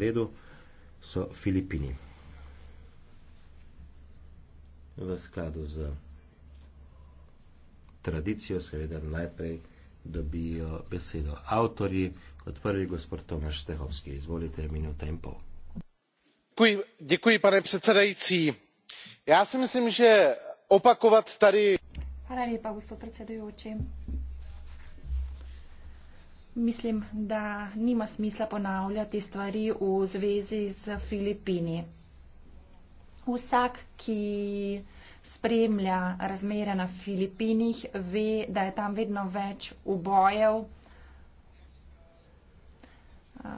redu so Filipini. V skladu z tradicijo seveda najprej dobijo besedo avtorji, kot prvi gospod Tomaš Stehovski. Izvolite minuta in pol. Děkuji, děkuji pane předsedající. Já si myslím, že opakovat tady... Hvala lepa, gospod predsedujoči mislim, da nima smisla ponavljati stvari v zvezi z Filipini. Vsak, ki spremlja razmere na Filipinih, ve, da je tam vedno več ubojev eh,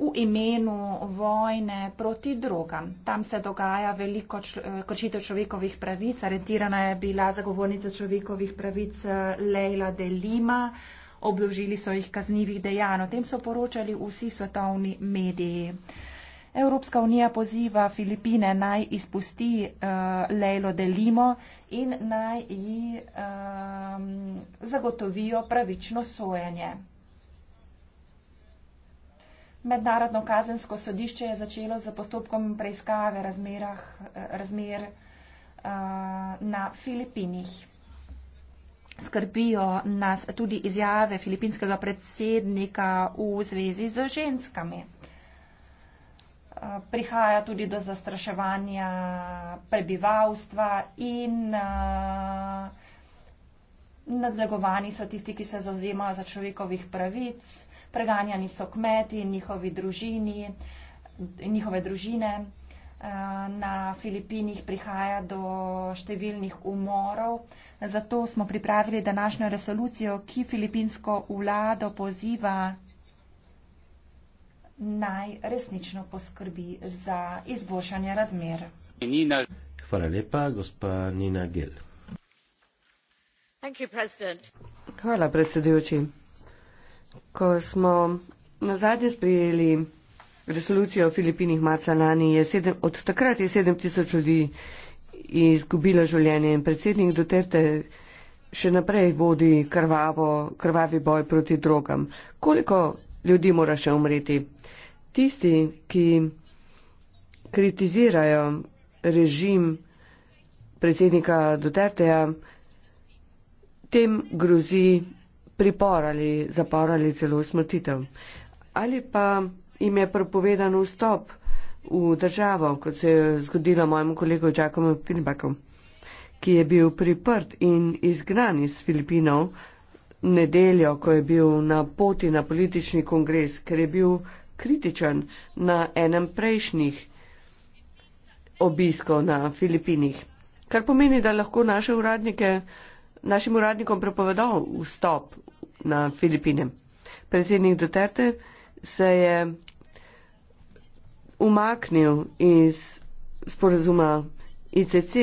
v imenu vojne proti drogam. Tam se dogaja veliko eh, kršitev človekovih pravic. Aretirana je bila zagovornica človekovih pravic eh, Leila Delima. Lima obložili so jih kaznjivih dejanj. O tem so poročali vsi svetovni mediji. Evropska unija poziva Filipine naj izpusti uh, Lejlo Delimo in naj ji um, zagotovijo pravično sojenje. Mednarodno kazensko sodišče je začelo z postopkom preiskave razmerah, eh, razmer uh, na Filipinih skrbijo nas tudi izjave filipinskega predsednika v zvezi z ženskami. Eh, prihaja tudi do zastraševanja prebivalstva in eh, nadlegovani so tisti, ki se zauzemajo za človekovih pravic, preganjani so kmeti in njihove družine na Filipinih prihaja do številnih umorov. Zato smo pripravili današnjo resolucijo, ki filipinsko vlado poziva naj resnično poskrbi za izboljšanje razmer. Hvala lepa, gospa Nina Gel. Hvala, predsedujoči. Ko smo na zadnje sprejeli resolucijo o Filipinih marca lani je sedem, od takrat je 7000 ljudi izgubilo življenje in predsednik Duterte še naprej vodi krvavo, krvavi boj proti drogam. Koliko ljudi mora še umreti? Tisti, ki kritizirajo režim predsednika Duterteja, tem grozi pripor ali zapor ali celo smrtitev. Ali pa jim je prepovedan vstop v državo, kot se je zgodilo mojemu kolegu Jackomu Filbaku, ki je bil priprt in izgnan iz Filipinov nedeljo, ko je bil na poti na politični kongres, ker je bil kritičen na enem prejšnjih obiskov na Filipinih. Kar pomeni, da lahko naše uradnike, našim uradnikom prepovedal vstop na Filipine. Predsednik Duterte se je umaknil iz sporazuma ICC.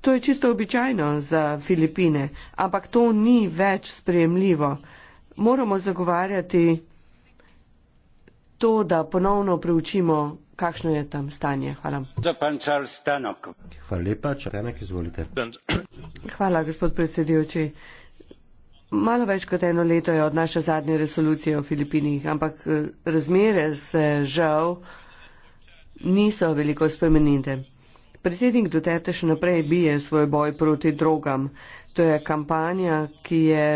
To je čisto običajno za Filipine, ampak to ni več sprejemljivo. Moramo zagovarjati to, da ponovno preučimo, kakšno je tam stanje. Hvala. Hvala lepa, Čarstanek, izvolite. Hvala, gospod predsedujoči. Malo več kot eno leto je od naše zadnje resolucije o Filipinih, ampak eh, razmere se žal niso veliko spremenite. Predsednik Duterte še naprej bije svoj boj proti drogam. To je kampanja, ki je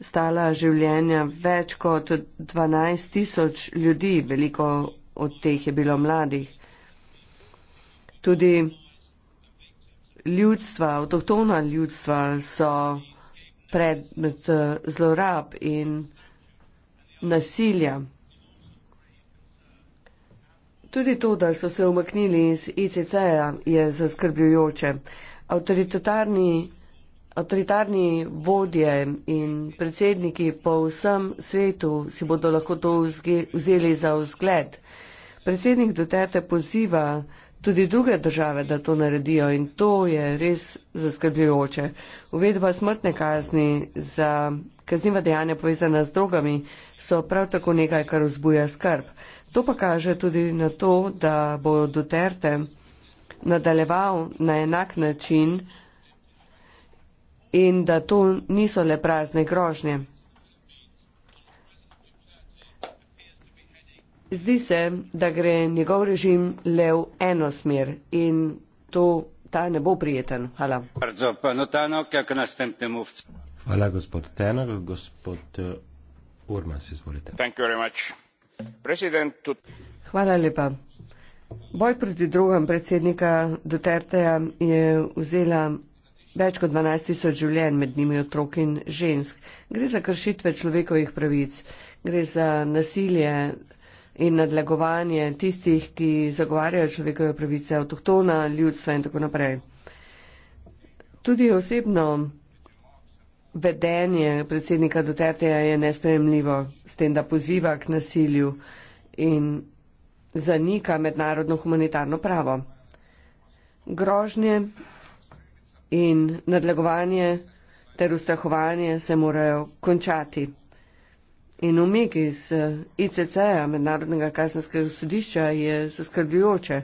stala življenja več kot 12 tisoč ljudi, veliko od teh je bilo mladih. Tudi ljudstva, avtohtona ljudstva so predmet eh, zlorab in nasilja. Tudi to, da so se umaknili iz ICC-ja, je zaskrbljujoče. Avtoritarni, avtoritarni vodje in predsedniki po vsem svetu si bodo lahko to vzeli za vzgled. Predsednik Dotete poziva tudi druge države, da to naredijo in to je res zaskrbljujoče. Uvedba smrtne kazni za kazniva dejanja povezana z drogami so prav tako nekaj, kar vzbuja skrb. To pa kaže tudi na to, da bo Duterte nadaljeval na enak način in da to niso le prazne grožnje. Zdi se, da gre njegov režim le v eno smer in to ta ne bo prijeten. Hvala. Hvala, gospod Tenor. Gospod eh, Urmas, izvolite. Hvala lepa. Boj proti drugam predsednika Duterteja je vzela več kot 12 tisoč življenj, med njimi otrok in žensk. Gre za kršitve človekovih pravic, gre za nasilje in nadlegovanje tistih, ki zagovarjajo človekove pravice, avtohtona, ljudstva in tako naprej. Tudi osebno vedenje predsednika Duterteja je nespremljivo s tem, da poziva k nasilju in zanika mednarodno humanitarno pravo. Grožnje in nadlegovanje ter ustrahovanje se morajo končati. In umik iz eh, ICC, Mednarodnega kazenskega sodišča, je zaskrbljujoče.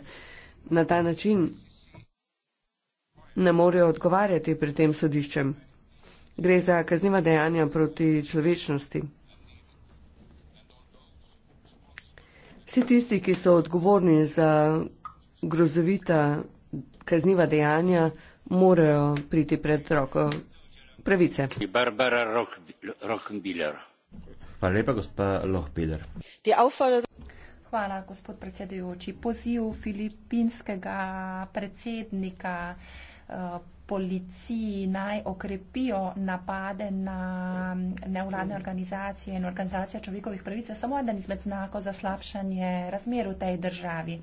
Na ta način ne morejo odgovarjati pred tem sodiščem. Gre za kazniva dejanja proti človečnosti. Vsi tisti, ki so odgovorni za grozovita kazniva dejanja, morajo priti pred roko pravice. Barbara Rohmbiller. Rock, Hvala lepa, gospa Lohpiler. Hvala, gospod predsedujoči. Poziv filipinskega predsednika eh, policiji naj okrepijo napade na mm, nevladne organizacije in organizacije človekovih pravic je samo eden izmed znakov za slabšanje razmer v tej državi.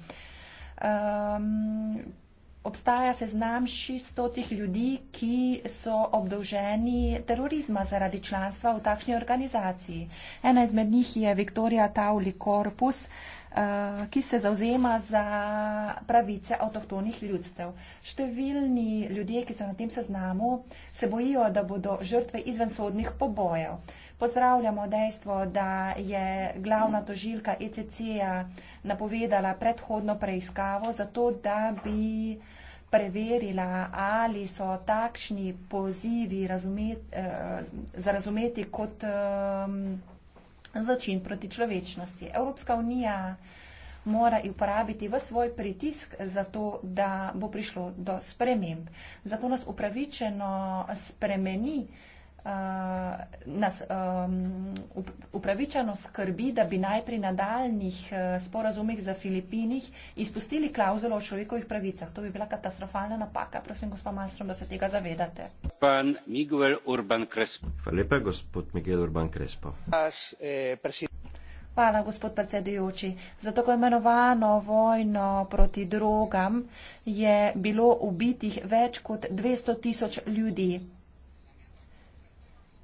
Um, obstaja seznam 600 ljudi, ki so obdolženi terorizma zaradi članstva v takšni organizaciji. Ena izmed njih je Viktorija Tauli Korpus, Eh, ki se zauzema za pravice avtohtonih ljudstev. Številni ljudje, ki so na tem seznamu, se bojijo, da bodo žrtve izvensodnih pobojev. Pozdravljamo dejstvo, da je glavna tožilka ECC-ja napovedala predhodno preiskavo, zato da bi preverila, ali so takšni pozivi razumeti, eh, zarazumeti kot. Eh, zločin proti človečnosti. Evropska unija mora uporabiti v svoj pritisk za to, da bo prišlo do sprememb. Zato nas upravičeno spremeni Eh, nas upravičano skrbi, da bi naj pri nadaljnih eh, sporazumih za Filipinih izpustili klauzulo o človekovih pravicah. To bi bila katastrofalna napaka. Prosim, gospod Malmström, da se tega zavedate. Eh, Hvala, gospod predsedujoči. Za tako imenovano vojno proti drogam je bilo ubitih več kot 200 tisoč ljudi.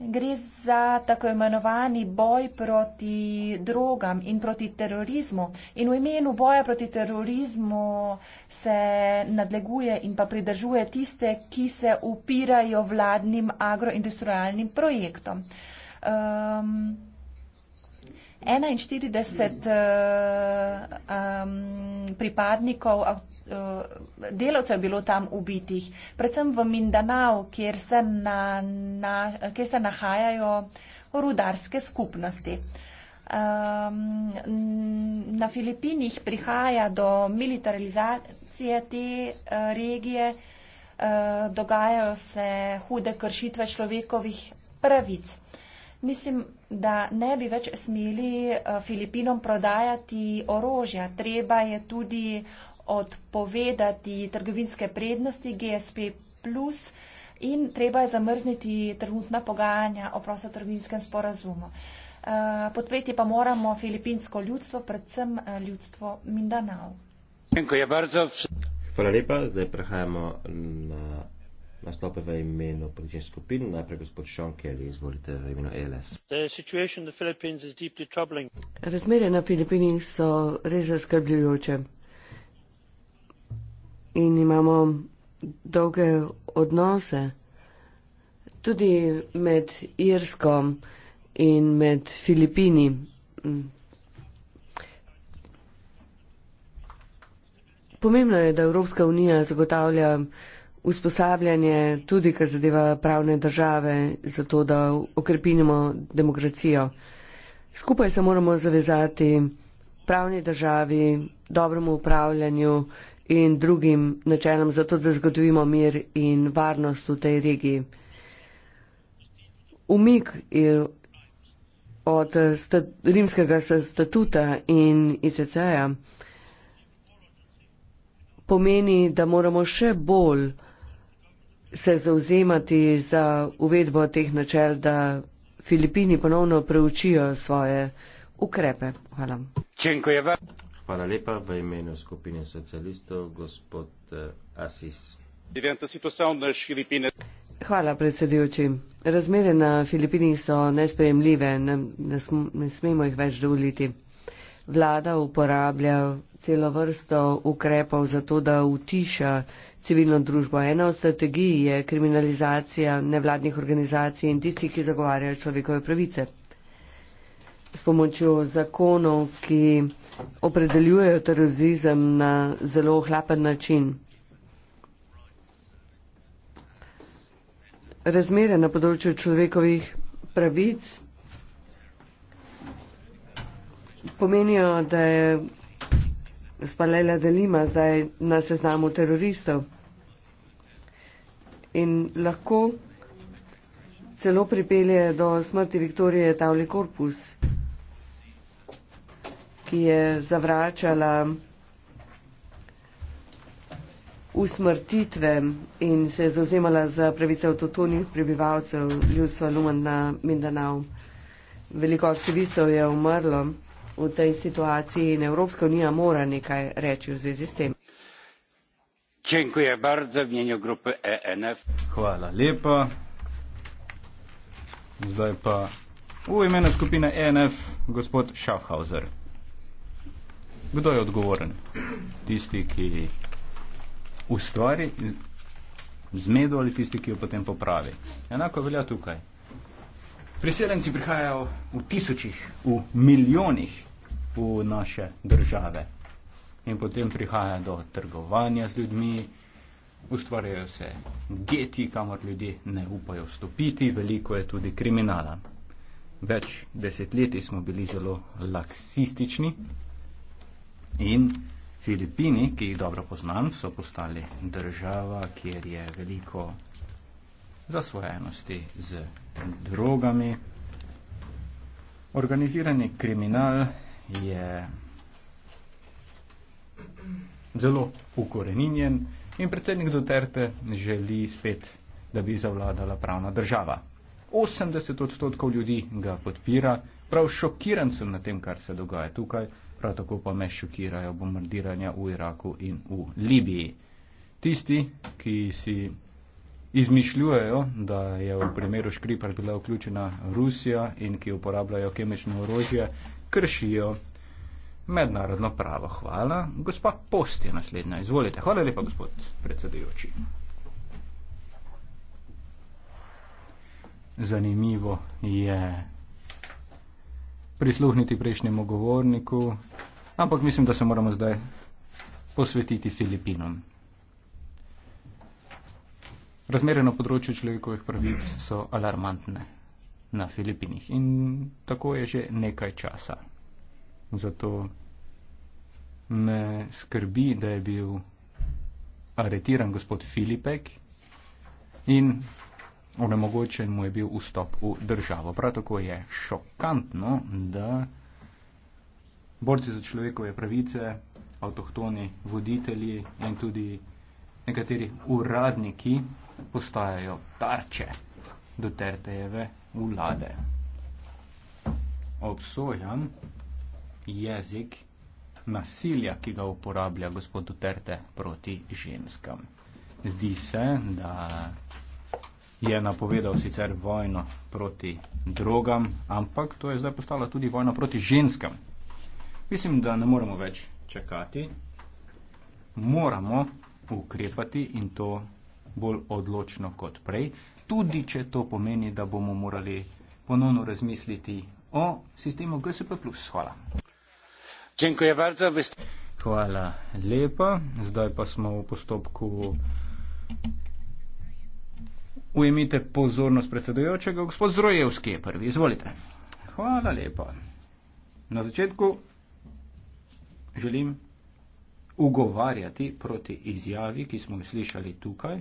Gre za tako imenovani boj proti drogam in proti terorizmu. In v imenu boja proti terorizmu se nadleguje in pa pridržuje tiste, ki se upirajo vladnim agroindustrialnim projektom. Um, 41 uh, eh, um, pripadnikov Eh, delavcev je bilo tam ubitih, predvsem v Mindanao, kjer se, na, na, kjer se nahajajo rudarske skupnosti. Um, na Filipinih prihaja do militarizacije te uh, regije, uh, dogajajo se hude kršitve človekovih pravic. Mislim, da ne bi več smeli uh, Filipinom prodajati orožja. Treba je tudi odpovedati trgovinske prednosti GSP. In treba je zamrzniti trenutna pogajanja o prostotrgovinskem sporazumu. Eh, podpreti pa moramo filipinsko ljudstvo, predvsem eh, ljudstvo Mindanao. Hvala lepa. Zdaj prehajamo na nastope v imenu političnih skupin. Najprej gospod Sean Kelly, izvolite v imenu ALS. E Razmere na Filipinih so res zaskrbljujoče in imamo dolge odnose. Tudi med Irsko in med Filipini. Pomembno je, da Evropska unija zagotavlja usposabljanje tudi, kar zadeva pravne države, zato da okrepinimo demokracijo. Skupaj se moramo zavezati pravni državi, dobremu upravljanju in drugim načelom za to, da zgodovimo mir in varnost v tej regiji. Umik od stat rimskega statuta in ICC-ja pomeni, da moramo še bolj se zauzemati za uvedbo teh načel, da Filipini ponovno preučijo svoje ukrepe. Hvala. Hvala lepa v imenu skupine socialistov, gospod eh, Asis. Hvala, predsedujoči. Razmere na Filipinih so nespremljive, ne, ne, ne smemo jih več dovoliti. Vlada uporablja celo vrsto ukrepov za to, da utiša civilno družbo. Ena od strategij je kriminalizacija nevladnih organizacij in tistih, ki zagovarjajo človekove pravice s pomočjo zakonov, ki opredeljujejo terorizem na zelo ohlapen način. Razmere na področju človekovih pravic pomenijo, da je spalela delima zdaj na seznamu teroristov in lahko celo pripelje do smrti Viktorije Tavli Korpus ki je zavračala usmrtitve in se je zauzemala za pravice avtotonih prebivalcev ljudstva Lumen na Mindanao. Veliko aktivistov je umrlo v tej situaciji in Evropska unija mora nekaj reči v zvezi s tem. E Hvala lepa. Zdaj pa v imenu skupine ENF gospod Schaffhauser. Kdo je odgovoren? Tisti, ki ustvari zmedo ali tisti, ki jo potem popravi. Enako velja tukaj. Priseljenci prihajajo v tisočih, v milijonih v naše države. In potem prihaja do trgovanja z ljudmi, ustvarjajo se geti, kamor ljudje ne upajo vstopiti, veliko je tudi kriminala. Več desetletij smo bili zelo laksistični, In Filipini, ki jih dobro poznam, so postali država, kjer je veliko zasvojenosti z drogami. Organizirani kriminal je zelo ukoreninjen in predsednik Duterte želi spet, da bi zavladala pravna država. 80 odstotkov ljudi ga podpira, prav šokiran sem na tem, kar se dogaja tukaj, prav tako pa me šokirajo bombardiranja v Iraku in v Libiji. Tisti, ki si izmišljujejo, da je v primeru Škripar bila vključena Rusija in ki uporabljajo kemično orožje, kršijo mednarodno pravo. Hvala. Gospa Post je naslednja. Izvolite. Hvala lepa, gospod predsedujoči. Zanimivo je prisluhniti prejšnjemu govorniku, ampak mislim, da se moramo zdaj posvetiti Filipinom. Razmere na področju človekovih pravic so alarmantne na Filipinih in tako je že nekaj časa. Zato me skrbi, da je bil aretiran gospod Filipek in onemogočen mu je bil vstop v državo. Prav tako je šokantno, da borci za človekove pravice, avtohtoni voditelji in tudi nekateri uradniki postajajo tarče do Tertejeve vlade. Obsojan jezik nasilja, ki ga uporablja gospod Duterte proti ženskam. Zdi se, da je napovedal sicer vojno proti drogam, ampak to je zdaj postala tudi vojna proti ženskam. Mislim, da ne moremo več čakati, moramo ukrepati in to bolj odločno kot prej, tudi če to pomeni, da bomo morali ponovno razmisliti o sistemu GSP. Hvala. Hvala lepa. Zdaj pa smo v postopku Ujemite pozornost predsedujočega, gospod Zrojevski je prvi, izvolite. Hvala lepa. Na začetku želim ugovarjati proti izjavi, ki smo jo slišali tukaj,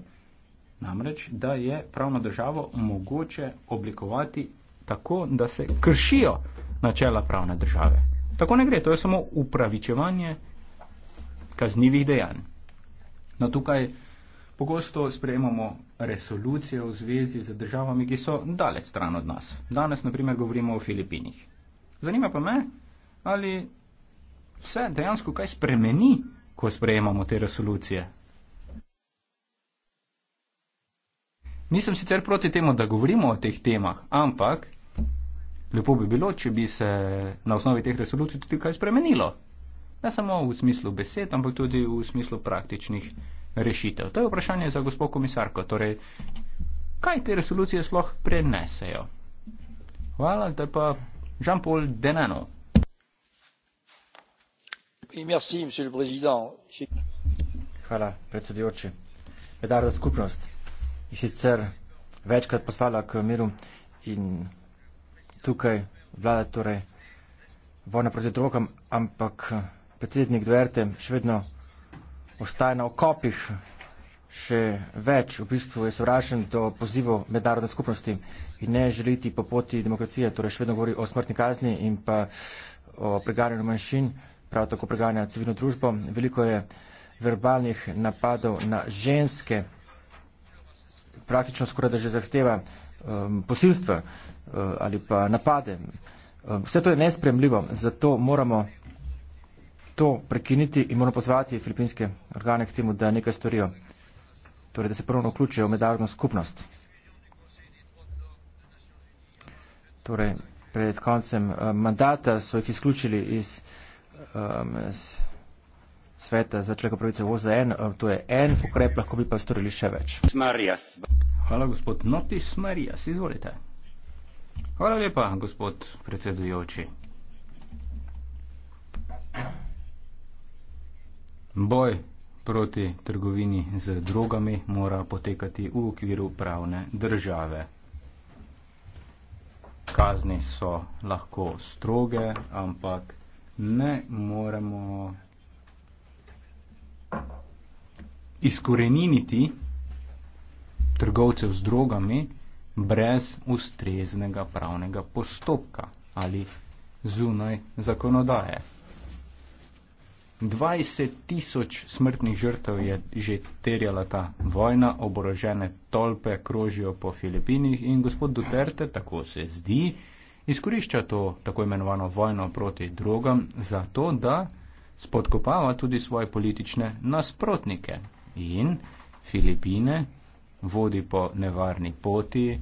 namreč, da je pravno državo mogoče oblikovati tako, da se kršijo načela pravne države. Tako ne gre, to je samo upravičevanje kaznivih dejanj. No, tukaj Pogosto sprejemamo resolucije v zvezi z državami, ki so daleč stran od nas. Danes, naprimer, govorimo o Filipinih. Zanima pa me, ali se dejansko kaj spremeni, ko sprejemamo te resolucije. Nisem sicer proti temu, da govorimo o teh temah, ampak lepo bi bilo, če bi se na osnovi teh resolucij tudi kaj spremenilo. Ne samo v smislu besed, ampak tudi v smislu praktičnih rešitev. To je vprašanje za gospod komisarko. Torej, kaj te resolucije sploh prenesejo? Hvala, zdaj pa Jean-Paul Denano. Hvala, predsedujoči. Medarodna skupnost je sicer večkrat poslala k miru in tukaj vlada torej vojna proti drogam, ampak predsednik Duerte še vedno ostaja na okopih še več, v bistvu je sovražen do pozivov mednarodne skupnosti in ne želiti po poti demokracije, torej še vedno govori o smrtni kazni in pa o preganjanju manjšin, prav tako preganja civilno družbo. Veliko je verbalnih napadov na ženske, praktično skoraj da že zahteva um, posilstva uh, ali pa napade. Uh, vse to je nespremljivo, zato moramo to prekiniti in moramo pozvati filipinske organe k temu, da nekaj storijo. Torej, da se prvo vključijo v mednarodno skupnost. Torej, pred koncem eh, mandata so jih izključili iz, um, iz sveta za človeka pravice v OZN. Um, to je en ukrep, lahko bi pa storili še več. Smarjas. Hvala, gospod Notis Marijas. Izvolite. Hvala lepa, gospod predsedujoči. Yeah. Boj proti trgovini z drogami mora potekati v okviru pravne države. Kazni so lahko stroge, ampak ne moremo izkoreniniti trgovcev z drogami brez ustreznega pravnega postopka ali zunaj zakonodaje. 20 tisoč smrtnih žrtev je že terjala ta vojna, oborožene tolpe krožijo po Filipinih in gospod Duterte, tako se zdi, izkorišča to tako imenovano vojno proti drogam za to, da spodkopava tudi svoje politične nasprotnike in Filipine vodi po nevarni poti,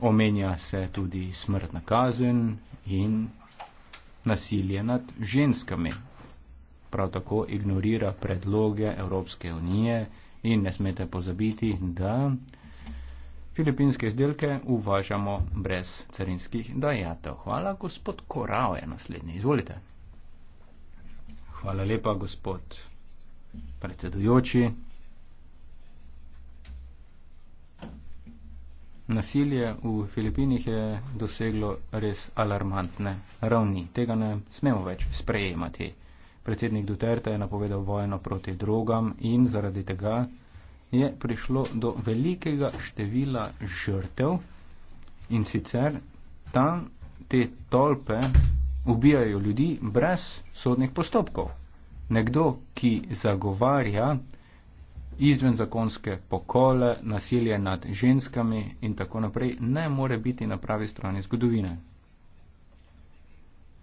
omenja se tudi smrtna kazen in nasilje nad ženskami prav tako ignorira predloge Evropske unije in ne smete pozabiti, da filipinske izdelke uvažamo brez carinskih dajatev. Hvala, gospod Korao je naslednji. Izvolite. Hvala lepa, gospod predsedujoči. Nasilje v Filipinih je doseglo res alarmantne ravni. Tega ne smemo več sprejemati. Predsednik Duterte je napovedal vojno proti drogam in zaradi tega je prišlo do velikega števila žrtev in sicer tam te tolpe ubijajo ljudi brez sodnih postopkov. Nekdo, ki zagovarja izven zakonske pokole, nasilje nad ženskami in tako naprej, ne more biti na pravi strani zgodovine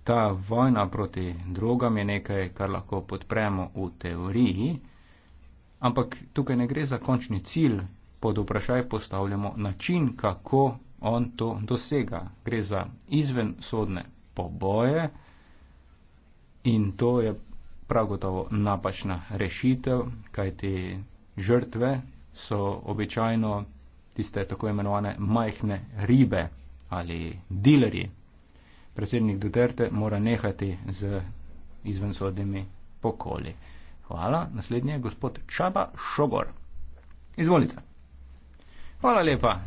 ta vojna proti drogam je nekaj, kar lahko podpremo v teoriji, ampak tukaj ne gre za končni cilj, pod vprašaj postavljamo način, kako on to dosega. Gre za izven sodne poboje in to je prav gotovo napačna rešitev, kajti žrtve so običajno tiste tako imenovane majhne ribe ali dilerji predsednik Duterte mora nehati z izvensodnimi pokoli. Hvala. Naslednji je gospod Čaba Šogor. Izvolite. Hvala lepa.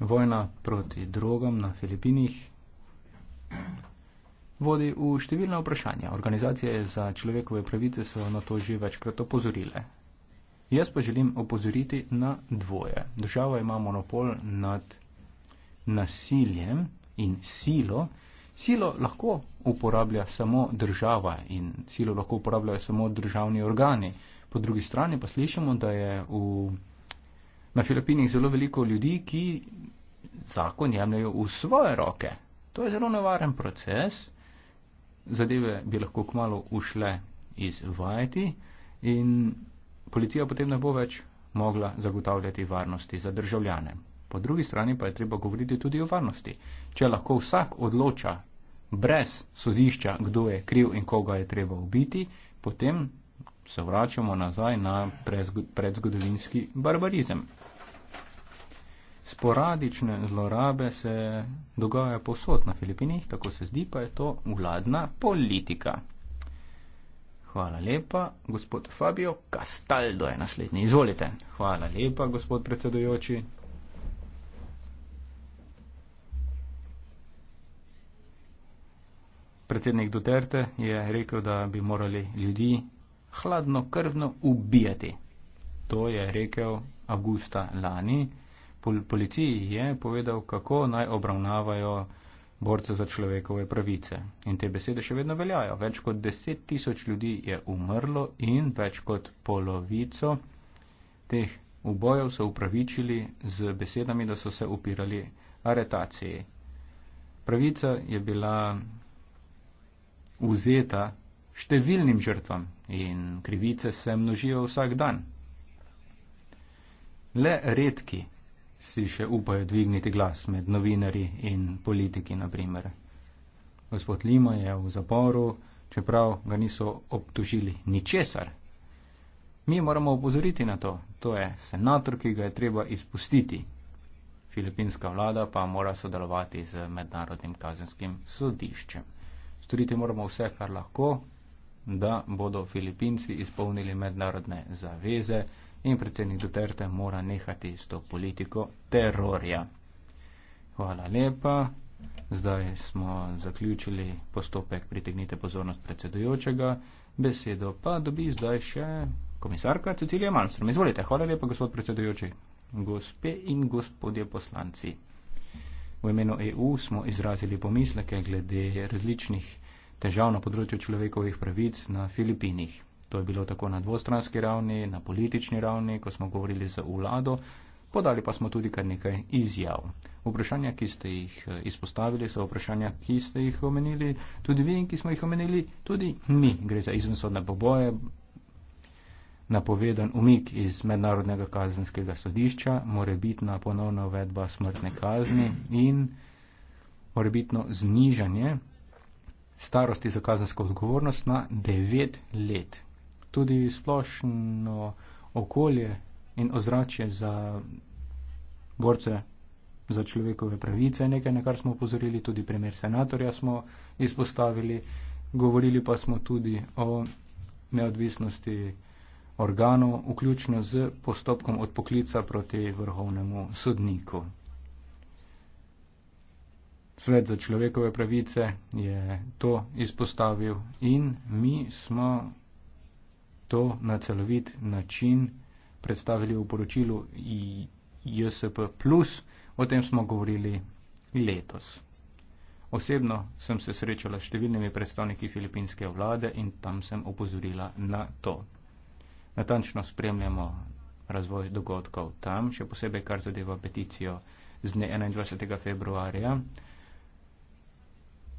Vojna proti drogam na Filipinih vodi v številna vprašanja. Organizacije za človekove pravice so na to že večkrat opozorile. Jaz pa želim opozoriti na dvoje. Država ima monopol nad nasiljem in silo. Silo lahko uporablja samo država in silo lahko uporabljajo samo državni organi. Po drugi strani pa slišimo, da je v, na Filipinih zelo veliko ljudi, ki zakon jemljajo v svoje roke. To je zelo nevaren proces. Zadeve bi lahko kmalo ušle iz vajeti in policija potem ne bo več mogla zagotavljati varnosti za državljane. Po drugi strani pa je treba govoriti tudi o varnosti. Če lahko vsak odloča brez sodišča, kdo je kriv in koga je treba ubiti, potem se vračamo nazaj na predzgodovinski barbarizem. Sporadične zlorabe se dogajajo posod na Filipinih, tako se zdi, pa je to vladna politika. Hvala lepa, gospod Fabio Castaldo je naslednji. Izvolite. Hvala lepa, gospod predsedujoči. predsednik Duterte je rekel, da bi morali ljudi hladno krvno ubijati. To je rekel avgusta lani. Pol policiji je povedal, kako naj obravnavajo borce za človekove pravice. In te besede še vedno veljajo. Več kot deset tisoč ljudi je umrlo in več kot polovico teh ubojev so upravičili z besedami, da so se upirali aretaciji. Pravica je bila vzeta številnim žrtvam in krivice se množijo vsak dan. Le redki si še upajo dvigniti glas med novinari in politiki, naprimer. Gospod Lima je v zaporu, čeprav ga niso obtožili ničesar. Mi moramo opozoriti na to, to je senator, ki ga je treba izpustiti. Filipinska vlada pa mora sodelovati z mednarodnim kazenskim sodiščem. Storiti moramo vse, kar lahko, da bodo Filipinci izpolnili mednarodne zaveze in predsednik Duterte mora nehati s to politiko terorja. Hvala lepa. Zdaj smo zaključili postopek pritegnite pozornost predsedujočega. Besedo pa dobi zdaj še komisarka Cecilija Malmström. Izvolite, hvala lepa, gospod predsedujoči. Gospe in gospodje poslanci. V imenu EU smo izrazili pomisleke glede različnih težav na področju človekovih pravic na Filipinih. To je bilo tako na dvostranski ravni, na politični ravni, ko smo govorili za vlado, podali pa smo tudi kar nekaj izjav. Vprašanja, ki ste jih eh, izpostavili, so vprašanja, ki ste jih omenili tudi vi in ki smo jih omenili tudi mi. Gre za izvensodne poboje, napovedan umik iz mednarodnega kazenskega sodišča, morebitna ponovna uvedba smrtne kazni in morebitno znižanje starosti za kazensko odgovornost na 9 let. Tudi splošno okolje in ozračje za borce za človekove pravice je nekaj, na kar smo upozorili, tudi primer senatorja smo izpostavili, govorili pa smo tudi o neodvisnosti organov, vključno z postopkom od poklica proti vrhovnemu sodniku. Svet za človekove pravice je to izpostavil in mi smo to na celovit način predstavili v poročilu JSP. O tem smo govorili letos. Osebno sem se srečala s številnimi predstavniki filipinske vlade in tam sem opozorila na to natančno spremljamo razvoj dogodkov tam, še posebej kar zadeva peticijo z dne 21. februarja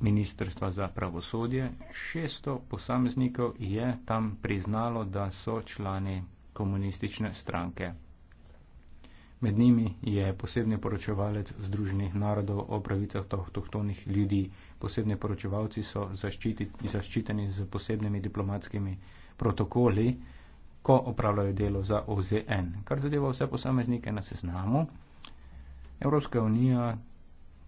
Ministrstva za pravosodje. 600 posameznikov je tam priznalo, da so člani komunistične stranke. Med njimi je posebni poročevalec Združenih narodov o pravicah tohtonih ljudi. Posebni poročevalci so zaščiteni z posebnimi diplomatskimi protokoli ko opravljajo delo za OZN. Kar zadeva vse posameznike na seznamu, Evropska unija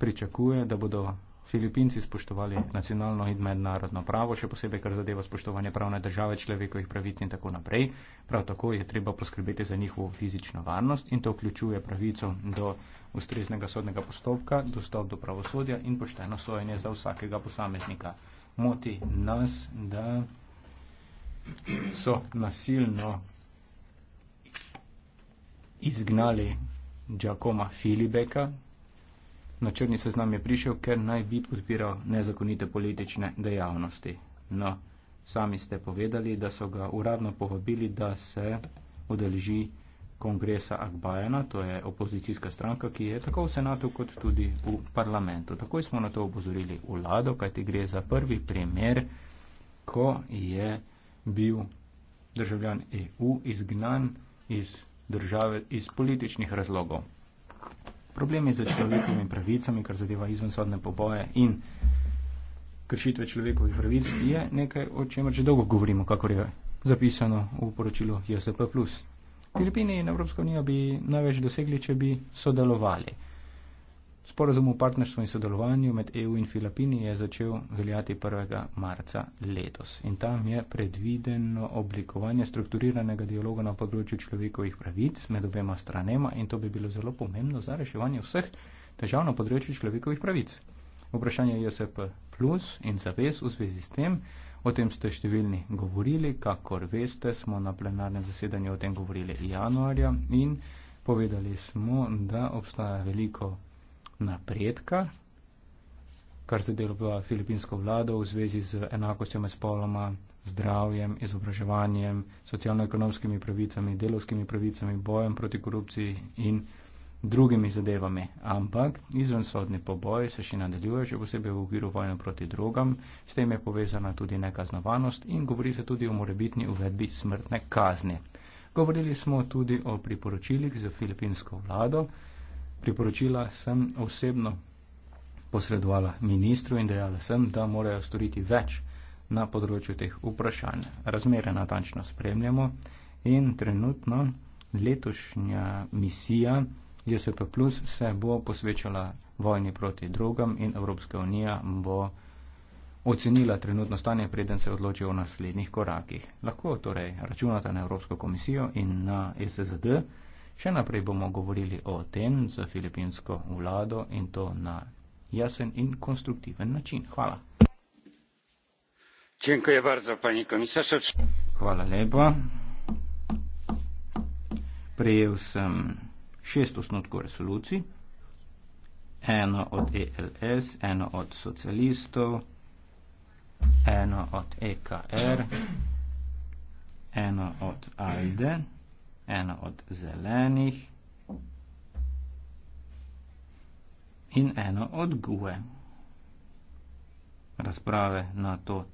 pričakuje, da bodo Filipinci spoštovali nacionalno in mednarodno pravo, še posebej kar zadeva spoštovanje pravne države, človekovih pravic in tako naprej. Prav tako je treba poskrbeti za njihovo fizično varnost in to vključuje pravico do ustreznega sodnega postopka, dostop do pravosodja in pošteno sojenje za vsakega posameznika. Moti nas, da so nasilno izgnali Giacoma Filibeka. Na črni seznam je prišel, ker naj bi podpiral nezakonite politične dejavnosti. No, sami ste povedali, da so ga uradno povabili, da se udeleži kongresa Akbajana, to je opozicijska stranka, ki je tako v senatu kot tudi v parlamentu. Takoj smo na to opozorili vlado, kajti gre za prvi primer, ko je bil državljan EU izgnan iz države iz političnih razlogov. Problemi za človekovimi pravicami, kar zadeva izvensodne poboje in kršitve človekovih pravic, je nekaj, o čemer že dolgo govorimo, kakor je zapisano v poročilu JSP. Filipini in Evropska unija bi največ dosegli, če bi sodelovali. Sporazum o partnerstvu in sodelovanju med EU in Filipini je začel veljati 1. marca letos in tam je predvideno oblikovanje strukturiranega dialoga na področju človekovih pravic med obema stranema in to bi bilo zelo pomembno za reševanje vseh težav na področju človekovih pravic. Vprašanje JSP plus in zavez v zvezi s tem, o tem ste številni govorili, kakor veste, smo na plenarnem zasedanju o tem govorili januarja in povedali smo, da obstaja veliko napredka, kar zadeva filipinsko vlado v zvezi z enakostjo med spoloma, zdravjem, izobraževanjem, socialno-ekonomskimi pravicami, delovskimi pravicami, bojem proti korupciji in drugimi zadevami. Ampak izvensodni poboj se še nadaljuje, še posebej v okviru vojne proti drogam, s tem je povezana tudi nekaznovanost in govori se tudi o morebitni uvedbi smrtne kazni. Govorili smo tudi o priporočilih za filipinsko vlado, priporočila sem osebno posredovala ministru in dejala sem, da morajo storiti več na področju teh vprašanj. Razmere natančno spremljamo in trenutno letošnja misija JSP Plus se bo posvečala vojni proti drogam in Evropska unija bo ocenila trenutno stanje, preden se odloči o naslednjih korakih. Lahko torej računate na Evropsko komisijo in na SSD. Še naprej bomo govorili o tem z filipinsko vlado in to na jasen in konstruktiven način. Hvala. Hvala lepa. Prejel sem šest osnutkov resolucij, eno od ELS, eno od socialistov, eno od EKR, eno od ALDE. Mm -hmm eno od zelenih in eno od gue. Razprave na to